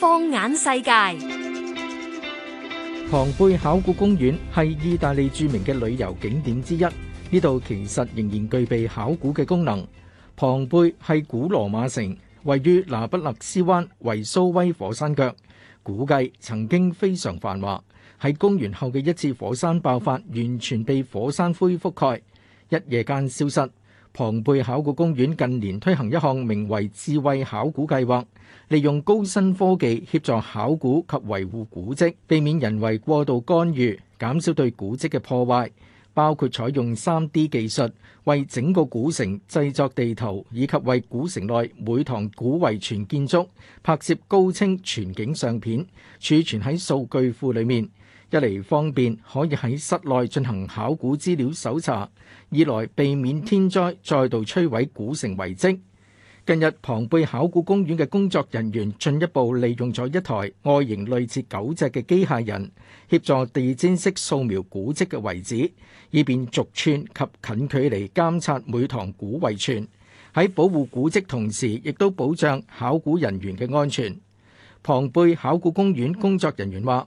放眼世界，龐貝考古公園係意大利著名嘅旅遊景點之一。呢度其實仍然具備考古嘅功能。龐貝係古羅馬城，位於那不勒斯灣維蘇威火山腳，估計曾經非常繁華。喺公元後嘅一次火山爆發，完全被火山灰覆蓋，一夜間消失。龐貝考古公園近年推行一項名為智慧考古計劃，利用高新科技協助考古及維護古蹟，避免人為過度干預，減少對古蹟嘅破壞。包括採用 3D 技術為整個古城製作地圖，以及為古城內每幢古遺存建築拍攝高清全景相片，儲存喺數據庫裏面。一嚟方便可以喺室內進行考古資料搜查，二來避免天災再度摧毀古城遺跡。近日，龐貝考古公園嘅工作人員進一步利用咗一台外形類似狗隻嘅機械人，協助地氈式掃描古蹟嘅遺址，以便逐寸及近距離監察每堂古遺存。喺保護古蹟同時，亦都保障考古人員嘅安全。龐貝考古公園工作人員話。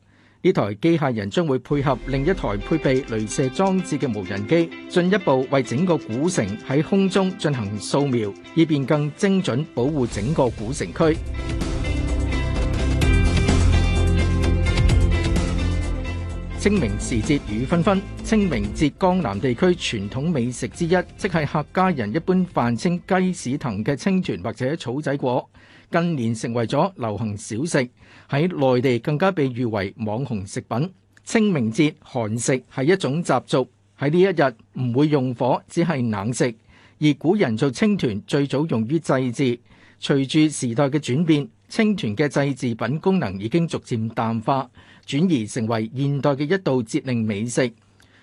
呢台機械人將會配合另一台配備鐳射裝置嘅無人機，進一步為整個古城喺空中進行掃描，以便更精準保護整個古城區。清明時節雨紛紛，清明節江南地區傳統美食之一，即係客家人一般泛稱雞屎藤嘅青團或者草仔果，近年成為咗流行小食，喺內地更加被譽為網紅食品。清明節寒食係一種習俗，喺呢一日唔會用火，只係冷食，而古人做青團最早用於祭祀，隨住時代嘅轉變，青團嘅祭祀品功能已經逐漸淡化，轉移成為現代嘅一道節令美食。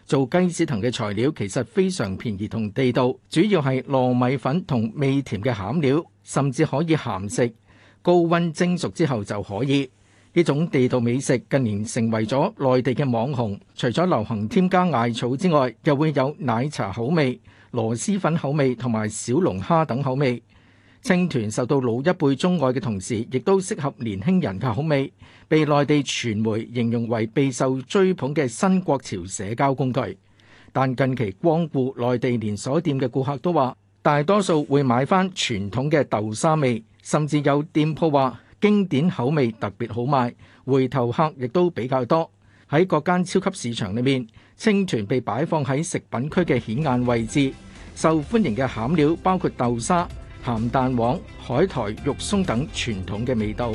做雞屎藤嘅材料其實非常便宜同地道，主要係糯米粉同味甜嘅餡料，甚至可以鹹食，高溫蒸熟之後就可以。呢種地道美食近年成為咗內地嘅網紅，除咗流行添加艾草之外，又會有奶茶口味、螺螄粉口味同埋小龍蝦等口味。青團受到老一輩鍾愛嘅同時，亦都適合年輕人嘅口味，被內地傳媒形容為備受追捧嘅新國潮社交工具。但近期光顧內地連鎖店嘅顧客都話，大多數會買返傳統嘅豆沙味，甚至有店鋪話經典口味特別好賣，回頭客亦都比較多。喺各間超級市場裏面，青團被擺放喺食品區嘅顯眼位置，受歡迎嘅餡料包括豆沙、鹹蛋黃、海苔、肉鬆等傳統嘅味道。